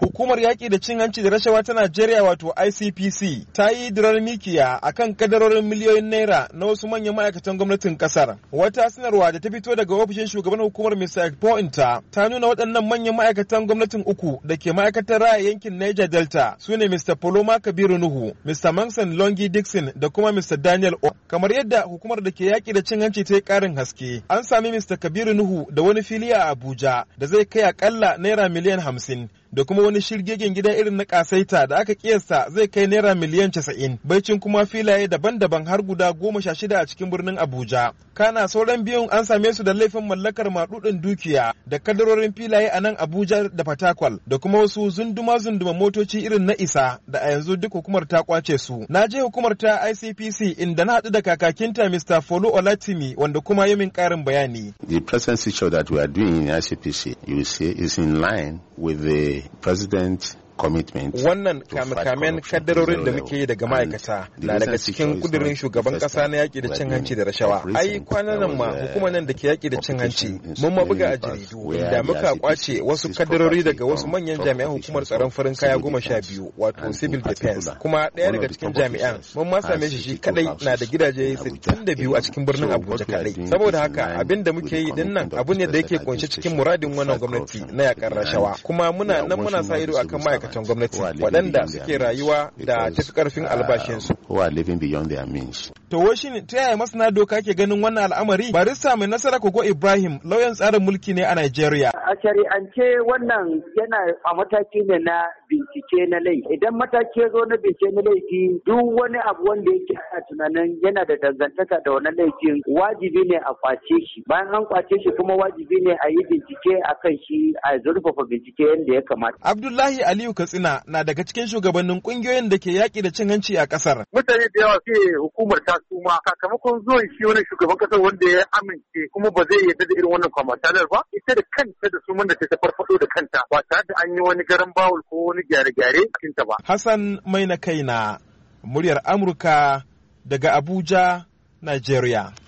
Hukumar yaƙi da cin hanci da rashawa ta Najeriya wato ICPC ta yi dirar mikiya a kan kadarorin miliyoyin naira na wasu manyan ma'aikatan gwamnatin ƙasar. Wata sanarwa da ta fito daga ofishin shugaban hukumar Mr. Pointa ta nuna waɗannan manyan ma'aikatan gwamnatin uku da ke ma'aikatar raya yankin Niger Delta su ne Mr. Poloma Kabiru Nuhu, Mr. Manson Longi Dixon da kuma Mr. Daniel O. Kamar yadda hukumar da ke yaƙi da cin hanci ta yi ƙarin haske, an sami Mr. Kabiru Nuhu da wani fili a Abuja da zai kai aƙalla naira miliyan hamsin. da kuma wani shirgegen gida irin na kasaita da aka kiyasta zai kai naira miliyan casa'in baicin kuma filaye daban-daban har guda goma sha shida a cikin birnin abuja kana sauran biyun an same su da laifin mallakar maɗuɗin dukiya da kadarorin filaye a nan abuja da fatakwal da kuma wasu zunduma-zunduma motoci irin na isa da a yanzu duk hukumar ta kwace su na je hukumar ta icpc inda na haɗu da kakakinta mr folo olatimi wanda kuma yi min ƙarin bayani the present that we are doing in icpc you see is in line with the President commitment Wannan kame-kamen kaddarorin da muke yi daga ma'aikata na daga cikin kudirin shugaban kasa na yaƙi da cin hanci da rashawa. Ai kwanan nan ma hukumar nan da ke yaƙi da cin hanci mun ma buga a jaridu da muka kwace wasu kaddarori daga wasu manyan jami'an hukumar tsaron farin kaya goma sha biyu wato civil defense kuma ɗaya daga cikin jami'an mun ma same shi shi kadai na da gidaje sittin da biyu a cikin birnin Abuja kadai. Saboda haka abin da muke yi din nan abu ne da yake kunshe cikin muradin wannan gwamnati na yakar rashawa kuma muna nan muna sa ido akan ma'aikata ma'aikatan gwamnati waɗanda suke rayuwa da tafi karfin uh, albashinsu. To wai ne ta yaya masana doka ke ganin wannan al'amari? Barista mai nasara Kogo Ibrahim lauyan tsarin mulki ne a Najeriya. A shari'ance wannan yana a mataki ne na bincike na lai idan mataki ya zo na bincike na laifi duk wani abu wanda yake a tunanin yana da dangantaka da wani laifin wajibi ne a kwace shi bayan an kwace shi kuma wajibi ne a yi bincike a kan shi a zurfafa bincike yadda ya kamata. Abdullahi Aliyu Katsina na daga cikin shugabannin kungiyoyin da ke yaƙi da cin hanci a ƙasar. Mutane da yawa suke hukumar ta suma sakamakon zuwan shi wani shugaban ƙasar wanda ya amince kuma ba zai yarda da irin wannan kwamatanar ba ita da kanta da suman da ta farfaɗo da kanta ba tare da an yi wani garan bawul ko wani gyare gyare ta ba. Hassan mai na kaina muryar Amurka daga Abuja, Nigeria.